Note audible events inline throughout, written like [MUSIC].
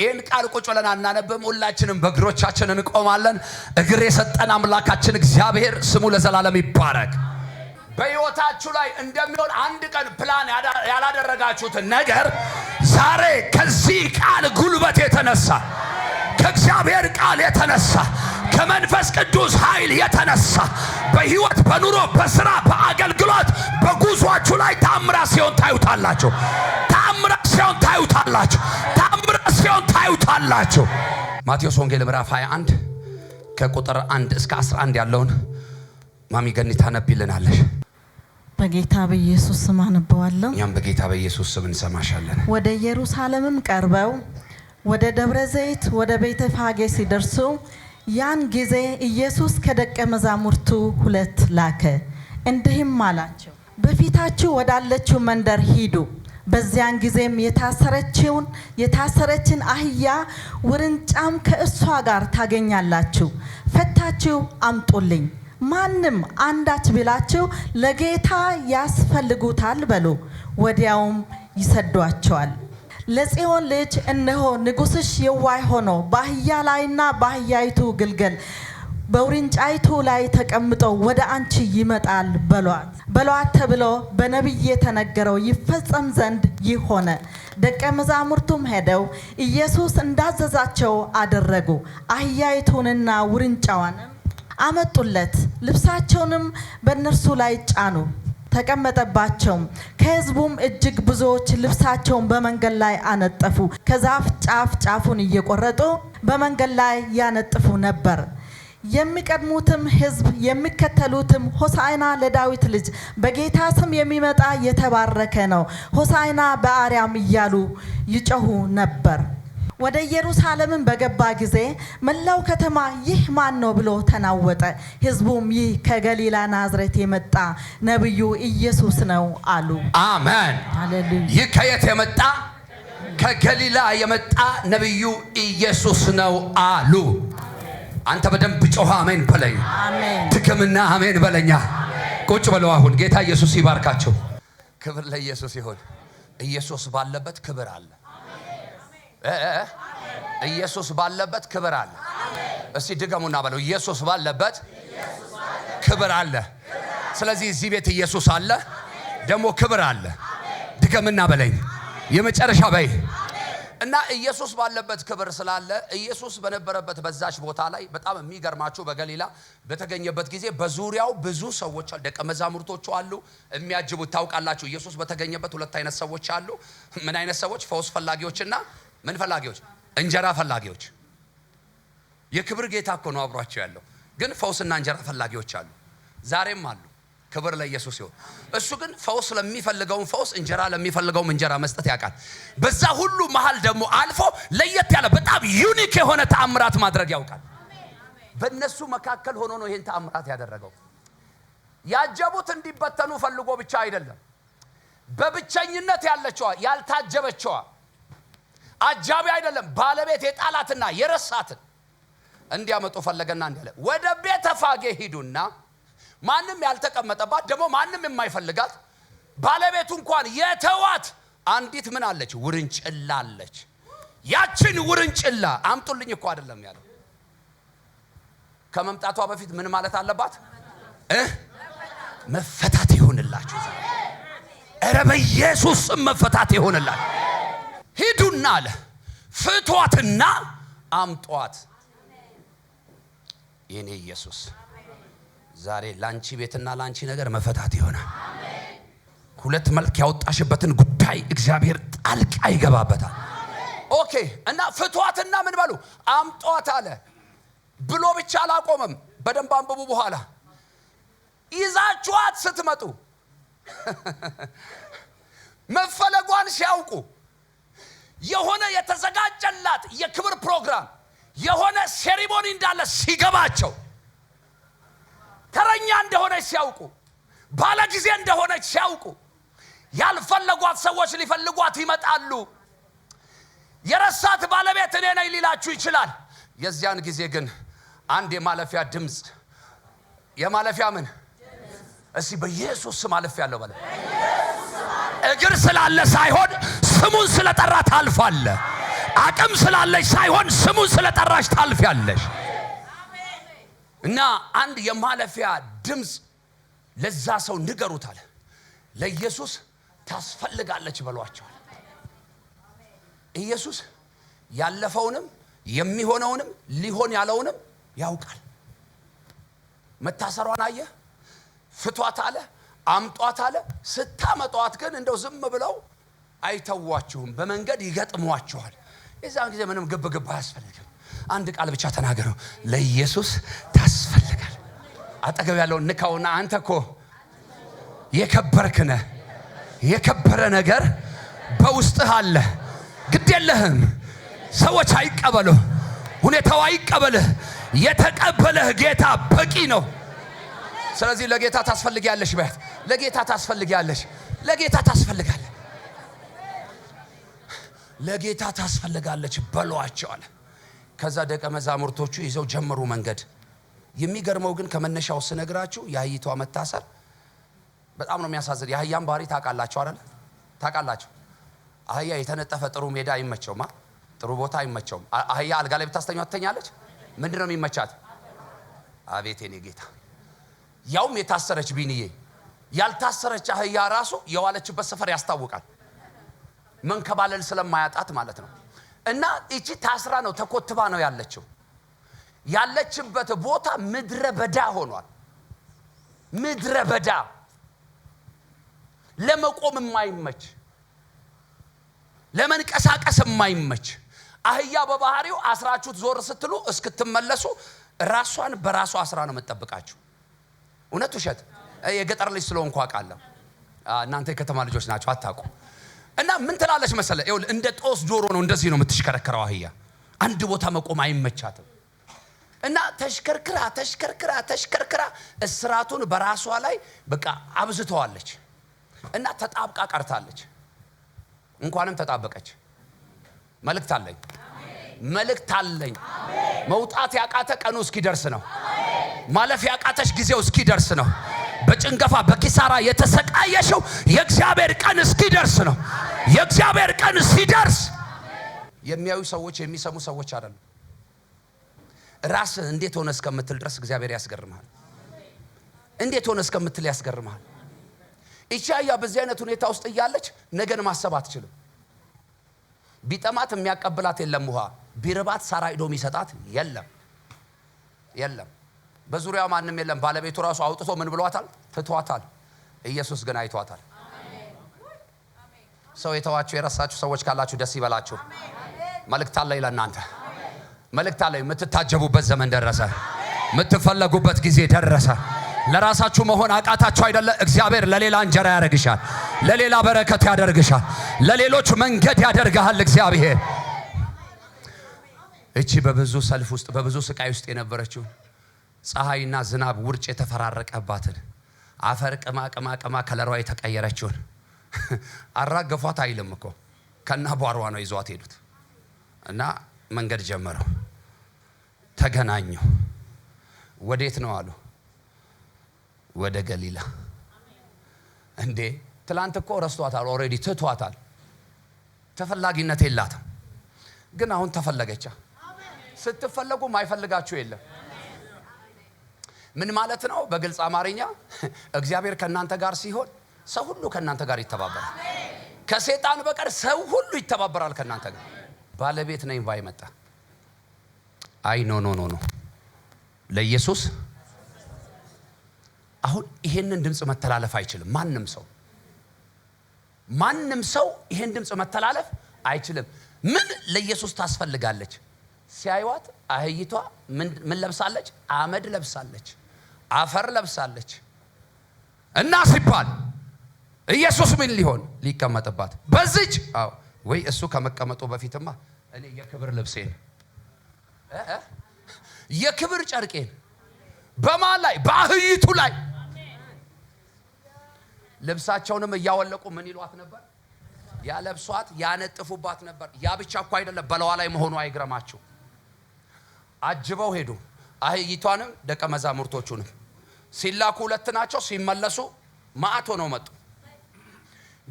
ይህን ቃል ቁጭ ብለን አናነብም። ሁላችንም በእግሮቻችን እንቆማለን። እግር የሰጠን አምላካችን እግዚአብሔር ስሙ ለዘላለም ይባረክ። በሕይወታችሁ ላይ እንደሚሆን አንድ ቀን ፕላን ያላደረጋችሁትን ነገር ዛሬ ከዚህ ቃል ጉልበት የተነሳ ከእግዚአብሔር ቃል የተነሳ ከመንፈስ ቅዱስ ኃይል የተነሳ በሕይወት በኑሮ በስራ በአገልግሎት በጉዟችሁ ላይ ታምራ ሲሆን ታዩታላችሁ። ታምራ ሲሆን ታዩታላችሁ። ሲሆን ታዩታላችሁ። ማቴዎስ ወንጌል ምዕራፍ 21 ከቁጥር 1 እስከ 11 ያለውን ማሚ ገኒ ታነብልናለሽ። በጌታ በኢየሱስ ስም አነበዋለሁ። እኛም በጌታ በኢየሱስ ስም እንሰማሻለን። ወደ ኢየሩሳሌምም ቀርበው ወደ ደብረ ዘይት ወደ ቤተ ፋጌ ሲደርሱ ያን ጊዜ ኢየሱስ ከደቀ መዛሙርቱ ሁለት ላከ፣ እንዲህም አላቸው፦ በፊታችሁ ወዳለችው መንደር ሂዱ በዚያን ጊዜም የታሰረችውን የታሰረችን አህያ ውርንጫም ከእሷ ጋር ታገኛላችሁ፣ ፈታችሁ አምጡልኝ። ማንም አንዳች ቢላችሁ ለጌታ ያስፈልጉታል በሉ። ወዲያውም ይሰዷቸዋል። ለጽዮን ልጅ እነሆ ንጉሥሽ የዋይ ሆኖ በአህያ ላይና በአህያይቱ ግልገል በውርንጫይቱ ላይ ተቀምጦ ወደ አንቺ ይመጣል በሏት በሏት ተብሎ በነቢይ የተነገረው ይፈጸም ዘንድ ይሆነ። ሆነ። ደቀ መዛሙርቱም ሄደው ኢየሱስ እንዳዘዛቸው አደረጉ። አህያይቱንና ውርንጫዋንም አመጡለት፣ ልብሳቸውንም በእነርሱ ላይ ጫኑ፣ ተቀመጠባቸውም። ከሕዝቡም እጅግ ብዙዎች ልብሳቸውን በመንገድ ላይ አነጠፉ። ከዛፍ ጫፍ ጫፉን እየቆረጡ በመንገድ ላይ ያነጥፉ ነበር። የሚቀድሙትም ህዝብ የሚከተሉትም ሆሳይና ለዳዊት ልጅ በጌታ ስም የሚመጣ የተባረከ ነው፣ ሆሳይና በአርያም እያሉ ይጮሁ ነበር። ወደ ኢየሩሳሌምን በገባ ጊዜ መላው ከተማ ይህ ማን ነው ብሎ ተናወጠ። ህዝቡም ይህ ከገሊላ ናዝሬት የመጣ ነቢዩ ኢየሱስ ነው አሉ። አሜን። ይህ ከየት የመጣ ከገሊላ የመጣ ነቢዩ ኢየሱስ ነው አሉ። አንተ በደንብ ጮኸ አሜን በለኝ። ድገምና አሜን በለኛ። ቁጭ በለው አሁን። ጌታ ኢየሱስ ይባርካቸው። ክብር ለኢየሱስ ይሁን። ኢየሱስ ባለበት ክብር አለ። ኢየሱስ ባለበት ክብር አለ። እስቲ ድገሙና በለው። ኢየሱስ ባለበት ክብር አለ። ስለዚህ እዚህ ቤት ኢየሱስ አለ፣ ደግሞ ክብር አለ። ድገምና በለኝ። የመጨረሻ በይ እና ኢየሱስ ባለበት ክብር ስላለ ኢየሱስ በነበረበት በዛች ቦታ ላይ በጣም የሚገርማችሁ በገሊላ በተገኘበት ጊዜ በዙሪያው ብዙ ሰዎች አሉ። ደቀ መዛሙርቶቹ አሉ የሚያጅቡት ታውቃላችሁ። ኢየሱስ በተገኘበት ሁለት አይነት ሰዎች አሉ። ምን አይነት ሰዎች? ፈውስ ፈላጊዎችና ምን ፈላጊዎች? እንጀራ ፈላጊዎች። የክብር ጌታ እኮ ነው አብሯቸው ያለው። ግን ፈውስና እንጀራ ፈላጊዎች አሉ፣ ዛሬም አሉ። ክብር ለኢየሱስ ይሁን። እሱ ግን ፈውስ ለሚፈልገውም ፈውስ፣ እንጀራ ለሚፈልገውም እንጀራ መስጠት ያውቃል። በዛ ሁሉ መሃል ደግሞ አልፎ ለየት ያለ በጣም ዩኒክ የሆነ ተአምራት ማድረግ ያውቃል። በእነሱ መካከል ሆኖ ነው ይህን ተአምራት ያደረገው። ያጀቡት እንዲበተኑ ፈልጎ ብቻ አይደለም። በብቸኝነት ያለችዋ ያልታጀበችዋ አጃቢ አይደለም ባለቤት የጣላትና የረሳትን እንዲያመጡ ፈለገና እንዲያለ ወደ ቤተፋጌ ሂዱና ማንም ያልተቀመጠባት ደግሞ ማንም የማይፈልጋት ባለቤቱ እንኳን የተዋት አንዲት ምን አለች? ውርንጭላ አለች። ያችን ውርንጭላ አምጡልኝ እኮ አይደለም ያለው። ከመምጣቷ በፊት ምን ማለት አለባት? መፈታት ይሆንላችሁ። ኧረ በኢየሱስ ስም መፈታት ይሆንላችሁ። ሂዱና አለ ፍቷትና አምጧት። የኔ ኢየሱስ ዛሬ ላንቺ ቤትና ላንቺ ነገር መፈታት ይሆናል። ሁለት መልክ ያወጣሽበትን ጉዳይ እግዚአብሔር ጣልቃ ይገባበታል። ኦኬ እና ፍቷትና ምን በሉ አምጧት አለ ብሎ ብቻ አላቆመም። በደንብ አንብቡ። በኋላ ይዛችኋት ስትመጡ [LAUGHS] መፈለጓን ሲያውቁ የሆነ የተዘጋጀላት የክብር ፕሮግራም የሆነ ሴሪሞኒ እንዳለ ሲገባቸው ተረኛ እንደሆነች ሲያውቁ፣ ባለ ጊዜ እንደሆነች ሲያውቁ ያልፈለጓት ሰዎች ሊፈልጓት ይመጣሉ። የረሳት ባለቤት እኔ ነኝ ሊላችሁ ይችላል። የዚያን ጊዜ ግን አንድ የማለፊያ ድምፅ የማለፊያ ምን እስቲ በኢየሱስ ስም አልፍ ያለው በለ እግር ስላለ ሳይሆን ስሙን ስለጠራ ታልፋለ። አቅም ስላለች ሳይሆን ስሙን ስለጠራሽ ታልፍ ያለሽ እና አንድ የማለፊያ ድምፅ ለዛ ሰው ንገሩታል። ለኢየሱስ ታስፈልጋለች በሏቸዋል። ኢየሱስ ያለፈውንም የሚሆነውንም ሊሆን ያለውንም ያውቃል። መታሰሯን አየ፣ ፍቷት አለ፣ አምጧት አለ። ስታመጧት ግን እንደው ዝም ብለው አይተዋችሁም፣ በመንገድ ይገጥሟችኋል። የዛን ጊዜ ምንም ግብግብ አያስፈልግም። አንድ ቃል ብቻ ተናገረው፣ ለኢየሱስ ታስፈልጋል። አጠገብ ያለው ንካውና አንተ እኮ የከበርክነ የከበረ ነገር በውስጥህ አለ። ግድ የለህም። ሰዎች አይቀበሉ፣ ሁኔታው አይቀበልህ። የተቀበለህ ጌታ በቂ ነው። ስለዚህ ለጌታ ታስፈልጊያለሽ። በያት ለጌታ ታስፈልጊያለሽ። ለጌታ ታስፈልጋለህ። ለጌታ ታስፈልጋለች በሏቸው አለ። ከዛ ደቀ መዛሙርቶቹ ይዘው ጀመሩ መንገድ። የሚገርመው ግን ከመነሻው ስነግራችሁ የአህይቷ መታሰር በጣም ነው የሚያሳዝን። የአህያን ባህሪ ታውቃላችሁ አይደል? ታውቃላችሁ። አህያ የተነጠፈ ጥሩ ሜዳ አይመቸውም፣ ጥሩ ቦታ አይመቸውም። አህያ አልጋ ላይ ብታስተኛ ትተኛለች። ምንድን ነው የሚመቻት? አቤት የኔ ጌታ! ያውም የታሰረች ቢንዬ። ያልታሰረች አህያ ራሱ የዋለችበት ሰፈር ያስታውቃል፣ መንከባለል ስለማያጣት ማለት ነው። እና እቺ ታስራ ነው ተኮትባ ነው ያለችው። ያለችበት ቦታ ምድረ በዳ ሆኗል። ምድረ በዳ ለመቆም የማይመች ለመንቀሳቀስ የማይመች አህያ በባህሪው አስራችሁት ዞር ስትሉ እስክትመለሱ ራሷን በራሷ አስራ ነው የምጠብቃችሁ። እውነት ውሸት? የገጠር ልጅ ስለሆንኩ አውቃለሁ። እናንተ የከተማ ልጆች ናቸው አታውቁ። እና ምን ትላለች መሰለ እንደ ጦስ ጆሮ ነው እንደዚህ ነው የምትሽከረከረው አህያ አንድ ቦታ መቆም አይመቻትም። እና ተሽከርክራ ተሽከርክራ ተሽከርክራ እስራቱን በራሷ ላይ በቃ አብዝተዋለች እና ተጣብቃ ቀርታለች። እንኳንም ተጣበቀች። መልእክት አለኝ፣ መልእክት አለኝ። መውጣት ያቃተ ቀኑ እስኪደርስ ነው። ማለፍ ያቃተሽ ጊዜው እስኪደርስ ነው። በጭንገፋ በኪሳራ የተሰቃየሽው የእግዚአብሔር ቀን እስኪደርስ ነው። የእግዚአብሔር ቀን ሲደርስ የሚያዩ ሰዎች የሚሰሙ ሰዎች አይደሉ። ራስ እንዴት ሆነ እስከምትል ድረስ እግዚአብሔር ያስገርምሃል። እንዴት ሆነ እስከምትል ያስገርምሃል። ኢቻያ በዚህ አይነት ሁኔታ ውስጥ እያለች ነገን ማሰብ አትችልም። ቢጠማት የሚያቀብላት የለም፣ ውሃ ቢርባት ሳራ ሂዶ የሚሰጣት የለም የለም። በዙሪያው ማንም የለም። ባለቤቱ ራሱ አውጥቶ ምን ብሏታል? ትቷታል። ኢየሱስ ግን አይቷታል። ሰው የተዋችሁ የረሳችሁ ሰዎች ካላችሁ ደስ ይበላችሁ። መልእክት አለኝ ለእናንተ መልእክት አለኝ። የምትታጀቡበት ዘመን ደረሰ። የምትፈለጉበት ጊዜ ደረሰ። ለራሳችሁ መሆን አቃታችሁ አይደለ? እግዚአብሔር ለሌላ እንጀራ ያደርግሻል። ለሌላ በረከት ያደርግሻል። ለሌሎች መንገድ ያደርግሃል እግዚአብሔር። እቺ በብዙ ሰልፍ ውስጥ በብዙ ስቃይ ውስጥ የነበረችው ፀሐይና ዝናብ ውርጭ የተፈራረቀባትን አፈር ቅማ ቅማ ቅማ ከለሯ የተቀየረችውን [LAUGHS] አራገፏት አይልም እኮ ከና ቧሯ ነው ይዟት ሄዱት እና መንገድ ጀመረው። ተገናኙ። ወዴት ነው አሉ። ወደ ገሊላ። እንዴ ትላንት እኮ ረስቷታል፣ ኦልሬዲ ትቷታል፣ ተፈላጊነት የላትም። ግን አሁን ተፈለገቻ። ስትፈለጉ ማይፈልጋችሁ የለም። ምን ማለት ነው? በግልጽ አማርኛ [LAUGHS] እግዚአብሔር ከእናንተ ጋር ሲሆን ሰው ሁሉ ከእናንተ ጋር ይተባበራል። ከሴጣን በቀር ሰው ሁሉ ይተባበራል ከእናንተ ጋር። ባለቤት ነኝ ባይ መጣ። አይ ኖ ኖ ኖ ኖ ለኢየሱስ አሁን ይሄንን ድምፅ መተላለፍ አይችልም። ማንም ሰው ማንም ሰው ይሄን ድምፅ መተላለፍ አይችልም። ምን ለኢየሱስ ታስፈልጋለች? ሲያይዋት አህይቷ ምን ለብሳለች? አመድ ለብሳለች፣ አፈር ለብሳለች እና ሲባል ኢየሱስ ምን ሊሆን ሊቀመጥባት በዚች አዎ ወይ እሱ ከመቀመጡ በፊትማ እኔ የክብር ልብሴን የክብር ጨርቄን በማን ላይ በአህይቱ ላይ ልብሳቸውንም እያወለቁ ምን ይሏት ነበር ያለብሷት ያነጥፉባት ነበር ያ ብቻ እኳ አይደለም በለዋ ላይ መሆኑ አይግረማችሁ አጅበው ሄዱ አህይቷንም ደቀ መዛሙርቶቹንም ሲላኩ ሁለት ናቸው ሲመለሱ ማአቶ ነው መጡ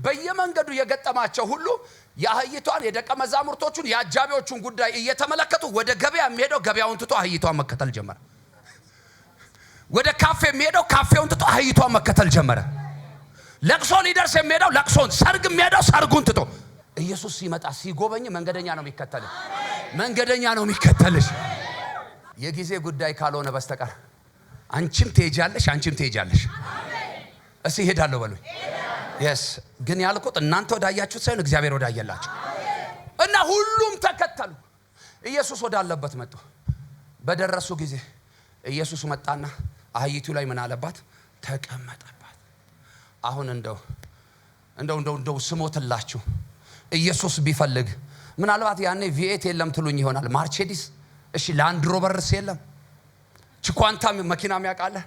በየመንገዱ የገጠማቸው ሁሉ የአህይቷን የደቀ መዛሙርቶቹን የአጃቢዎቹን ጉዳይ እየተመለከቱ ወደ ገበያ የሚሄደው ገበያውን ትቶ አህይቷን መከተል ጀመረ። ወደ ካፌ የሚሄደው ካፌውን ትቶ አህይቷን መከተል ጀመረ። ለቅሶ ሊደርስ የሚሄደው ለቅሶን፣ ሰርግ የሚሄደው ሰርጉን ትቶ ኢየሱስ ሲመጣ ሲጎበኝ መንገደኛ ነው የሚከተልሽ። መንገደኛ ነው የሚከተልሽ የጊዜ ጉዳይ ካልሆነ በስተቀር አንቺም ትሄጃለሽ፣ አንቺም ትሄጃለሽ። እስ ይሄዳለሁ በሉኝ የስ ግን ያልኩት እናንተ ወዳያችሁት ሳይሆን እግዚአብሔር ወዳየላችሁ እና ሁሉም ተከተሉ። ኢየሱስ ወዳለበት መጡ። በደረሱ ጊዜ ኢየሱስ መጣና አህይቱ ላይ ምን አለባት? ተቀመጠባት። አሁን እንደው እንደው እንደው እንደው ስሞትላችሁ ኢየሱስ ቢፈልግ ምናልባት ያኔ ቪኤት የለም ትሉኝ ይሆናል። ማርቼዲስ እሺ፣ ላንድሮቨርስ የለም ችኳንታ መኪና የሚያውቃለህ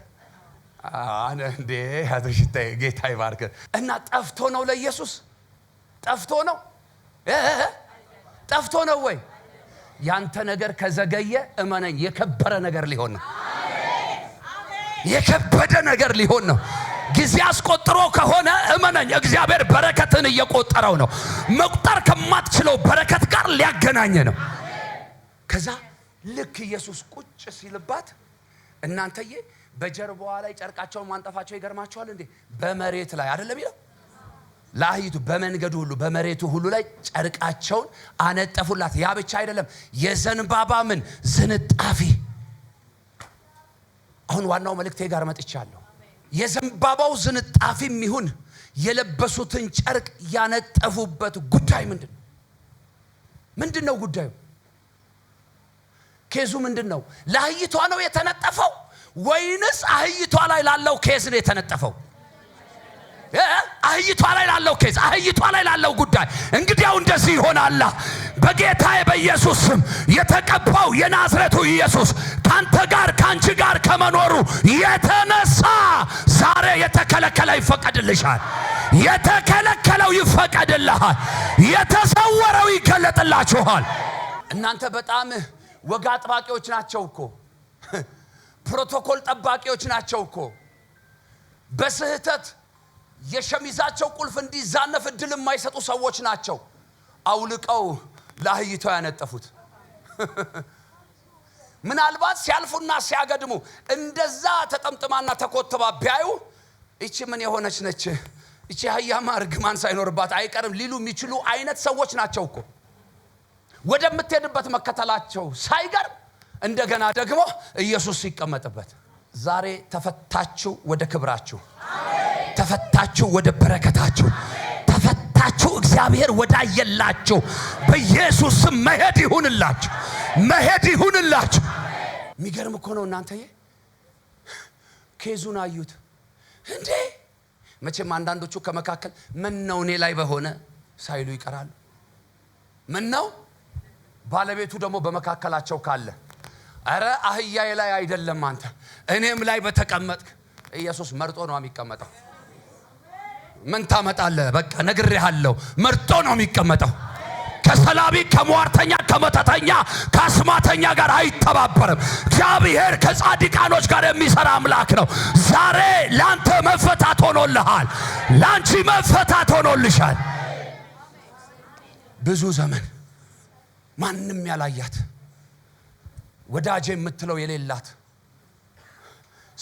እንዴ ሽታ ጌታ ይባርክ እና ጠፍቶ ነው ለኢየሱስ ጠፍቶ ነው ጠፍቶ ነው ወይ ያንተ ነገር ከዘገየ እመነኝ የከበረ ነገር ሊሆን ነው የከበደ ነገር ሊሆን ነው ጊዜ አስቆጥሮ ከሆነ እመነኝ እግዚአብሔር በረከትን እየቆጠረው ነው መቁጠር ከማትችለው በረከት ጋር ሊያገናኝ ነው ከዛ ልክ ኢየሱስ ቁጭ ሲልባት እናንተዬ በጀርባዋ ላይ ጨርቃቸውን ማንጠፋቸው ይገርማቸዋል እንዴ? በመሬት ላይ አይደለም ይለው ለአህይቱ በመንገዱ ሁሉ በመሬቱ ሁሉ ላይ ጨርቃቸውን አነጠፉላት። ያ ብቻ አይደለም፣ የዘንባባ ምን ዝንጣፊ። አሁን ዋናው መልእክቴ ጋር መጥቻለሁ። የዘንባባው ዝንጣፊ ይሁን የለበሱትን ጨርቅ ያነጠፉበት ጉዳይ ምንድን ነው? ምንድን ነው ጉዳዩ? ኬዙ ምንድን ነው? ለአህይቷ ነው የተነጠፈው ወይንስ አህይቷ ላይ ላለው ኬዝ ነው የተነጠፈው? አህይቷ ላይ ላለው ኬዝ፣ አህይቷ ላይ ላለው ጉዳይ። እንግዲያው እንደዚህ ይሆናላ። በጌታ በኢየሱስ ስም የተቀባው የናዝሬቱ ኢየሱስ ካንተ ጋር ካንቺ ጋር ከመኖሩ የተነሳ ዛሬ የተከለከለ ይፈቀድልሻል። የተከለከለው ይፈቀድልሃል። የተሰወረው ይገለጥላችኋል። እናንተ በጣም ወግ አጥባቂዎች ናቸው እኮ ፕሮቶኮል ጠባቂዎች ናቸው እኮ በስህተት የሸሚዛቸው ቁልፍ እንዲዛነፍ እድል የማይሰጡ ሰዎች ናቸው። አውልቀው ለአህይታው ያነጠፉት [LAUGHS] ምናልባት ሲያልፉና ሲያገድሙ እንደዛ ተጠምጥማና ተኮትባ ቢያዩ ይቺ ምን የሆነች ነች ይቺ አህያማ እርግማን ሳይኖርባት አይቀርም ሊሉ የሚችሉ አይነት ሰዎች ናቸው እኮ ወደምትሄድበት መከተላቸው ሳይገርም እንደገና ደግሞ ኢየሱስ ሲቀመጥበት ዛሬ ተፈታችሁ ወደ ክብራችሁ፣ ተፈታችሁ ወደ በረከታችሁ፣ ተፈታችሁ እግዚአብሔር ወዳየላችሁ በኢየሱስ መሄድ ይሁንላችሁ፣ መሄድ ይሁንላችሁ። የሚገርም እኮ ነው እናንተዬ። ኬዙን አዩት እንዴ! መቼም አንዳንዶቹ ከመካከል ምን ነው እኔ ላይ በሆነ ሳይሉ ይቀራሉ። ነው ባለቤቱ ደግሞ በመካከላቸው ካለ አረ አህያዬ ላይ አይደለም አንተ እኔም ላይ በተቀመጥክ። ኢየሱስ መርጦ ነው የሚቀመጠው። ምን ታመጣለ በቃ ነግሬሃለሁ። መርጦ ነው የሚቀመጠው። ከሰላቢ ከሟርተኛ ከመተተኛ ከአስማተኛ ጋር አይተባበርም። እግዚአብሔር ከጻድቃኖች ጋር የሚሰራ አምላክ ነው። ዛሬ ለአንተ መፈታት ሆኖልሃል፣ ለአንቺ መፈታት ሆኖልሻል። ብዙ ዘመን ማንም ያላያት ወዳጄ የምትለው የሌላት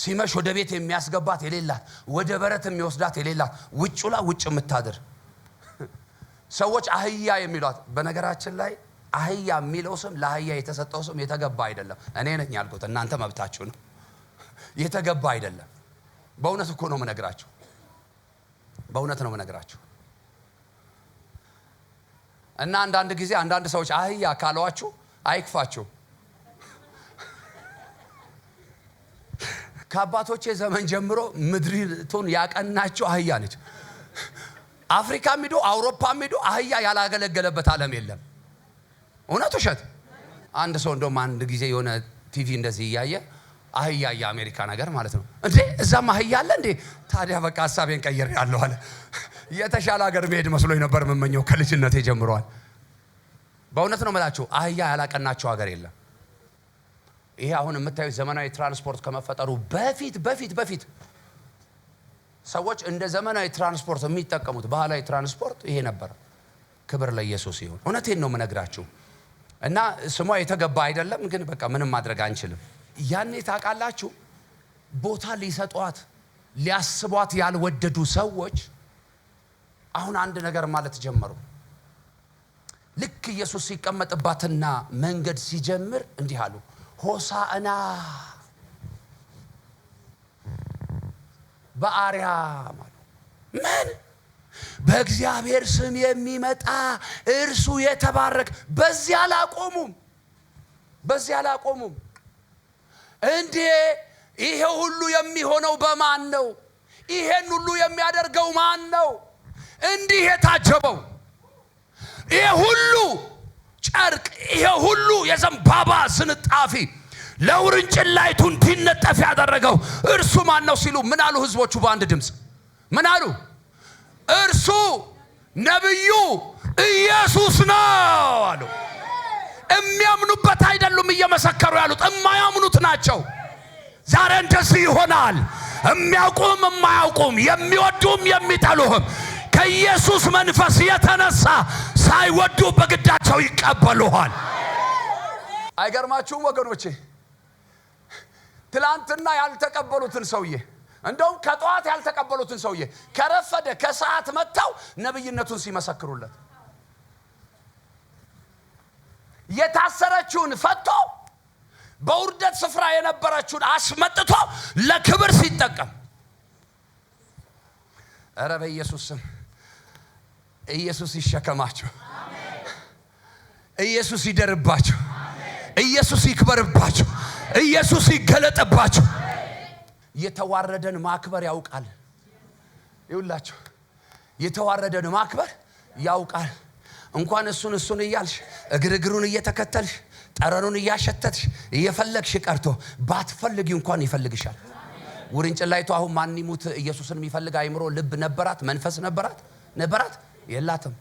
ሲመሽ ወደ ቤት የሚያስገባት የሌላት ወደ በረት የሚወስዳት የሌላት ውጭ ውጭ የምታድር ሰዎች አህያ የሚሏት በነገራችን ላይ አህያ የሚለው ስም ለአህያ የተሰጠው ስም የተገባ አይደለም። እኔ ነኝ ያልኩት፣ እናንተ መብታችሁ ነው። የተገባ አይደለም። በእውነት እኮ ነው የምነግራችሁ። በእውነት ነው የምነግራችሁ። እና አንዳንድ ጊዜ አንዳንድ ሰዎች አህያ ካለዋችሁ አይክፋችሁ። ከአባቶቼ ዘመን ጀምሮ ምድሪቱን ያቀናቸው አህያ ነች። አፍሪካ ሂዶ አውሮፓ ሂዶ አህያ ያላገለገለበት ዓለም የለም። እውነት ውሸት? አንድ ሰው እንደውም አንድ ጊዜ የሆነ ቲቪ እንደዚህ እያየ አህያ የአሜሪካ ነገር ማለት ነው እንዴ እዛም አህያ አለ እንዴ? ታዲያ በቃ ሀሳቤን ቀይር ያለሁ አለ። የተሻለ ሀገር መሄድ መስሎኝ ነበር የምመኘው ከልጅነቴ ጀምረዋል። በእውነት ነው የምላችሁ አህያ ያላቀናቸው ሀገር የለም። ይሄ አሁን የምታዩት ዘመናዊ ትራንስፖርት ከመፈጠሩ በፊት በፊት በፊት ሰዎች እንደ ዘመናዊ ትራንስፖርት የሚጠቀሙት ባህላዊ ትራንስፖርት ይሄ ነበር። ክብር ለኢየሱስ ይሁን። እውነቴን ነው የምነግራችሁ። እና ስሟ የተገባ አይደለም፣ ግን በቃ ምንም ማድረግ አንችልም። ያኔ ታውቃላችሁ፣ ቦታ ሊሰጧት ሊያስቧት ያልወደዱ ሰዎች አሁን አንድ ነገር ማለት ጀመሩ። ልክ ኢየሱስ ሲቀመጥባትና መንገድ ሲጀምር እንዲህ አሉ ሆሳዕና በአርያም ምን በእግዚአብሔር ስም የሚመጣ እርሱ የተባረክ። በዚያ አላቆሙም፣ በዚያ አላቆሙም። እንዴ ይሄ ሁሉ የሚሆነው በማን ነው? ይሄን ሁሉ የሚያደርገው ማን ነው? እንዲህ የታጀበው ይሄ ሁሉ ጨርቅ፣ ይሄ ሁሉ የዘንባባ ስንጣፊ ለውርንጭላይቱ እንዲነጠፍ ያደረገው እርሱ ማን ነው ሲሉ ምን አሉ ህዝቦቹ በአንድ ድምፅ ምን አሉ? እርሱ ነቢዩ ኢየሱስ ነው አሉ። የሚያምኑበት አይደሉም እየመሰከሩ ያሉት የማያምኑት ናቸው። ዛሬ እንደዚህ ይሆናል። የሚያውቁም የማያውቁም፣ የሚወዱም የሚጠሉህም ከኢየሱስ መንፈስ የተነሳ ሳይወዱ በግዳቸው ይቀበሉሃል። አይገርማችሁም ወገኖቼ? ትላንትና ያልተቀበሉትን ሰውዬ እንደውም ከጠዋት ያልተቀበሉትን ሰውዬ ከረፈደ ከሰዓት መጥተው ነቢይነቱን ሲመሰክሩለት የታሰረችውን ፈቶ በውርደት ስፍራ የነበረችውን አስመጥቶ ለክብር ሲጠቀም፣ እረ በኢየሱስ ስም ኢየሱስ ይሸከማችሁ፣ ኢየሱስ ይደርባችሁ፣ ኢየሱስ ይክበርባችሁ፣ ኢየሱስ ይገለጥባችሁ። የተዋረደን ማክበር ያውቃል። ይውላችሁ የተዋረደን ማክበር ያውቃል። እንኳን እሱን እሱን እያልሽ እግርግሩን እየተከተልሽ ጠረኑን እያሸተትሽ እየፈለግሽ ቀርቶ ባትፈልጊ እንኳን ይፈልግሻል። ውርንጭላይቱ አሁን ማን ይሙት ኢየሱስን የሚፈልግ አይምሮ ልብ ነበራት፣ መንፈስ ነበራት ነበራት የላትም፣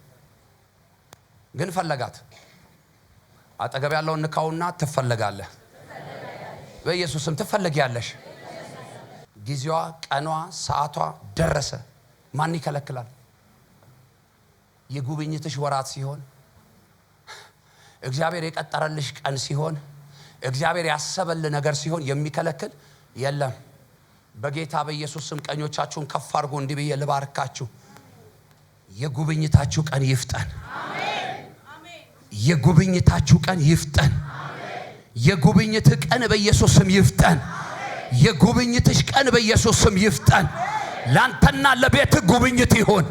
ግን ፈለጋት። አጠገብ ያለውን ንካውና ትፈለጋለህ። በኢየሱስም ትፈለጊያለሽ። ጊዜዋ፣ ቀኗ፣ ሰዓቷ ደረሰ። ማን ይከለክላል? የጉብኝትሽ ወራት ሲሆን እግዚአብሔር የቀጠረልሽ ቀን ሲሆን እግዚአብሔር ያሰበል ነገር ሲሆን የሚከለክል የለም። በጌታ በኢየሱስ ስም ቀኞቻችሁን ከፍ አድርጎ እንዲህ ብዬ ልባርካችሁ። የጉብኝታችሁ ቀን ይፍጠን። የጉብኝታችሁ ቀን ይፍጠን። የጉብኝት ቀን በኢየሱስ ስም ይፍጠን። የጉብኝትሽ ቀን በኢየሱስ ስም ይፍጠን። ላንተና ለቤት ጉብኝት ይሆን።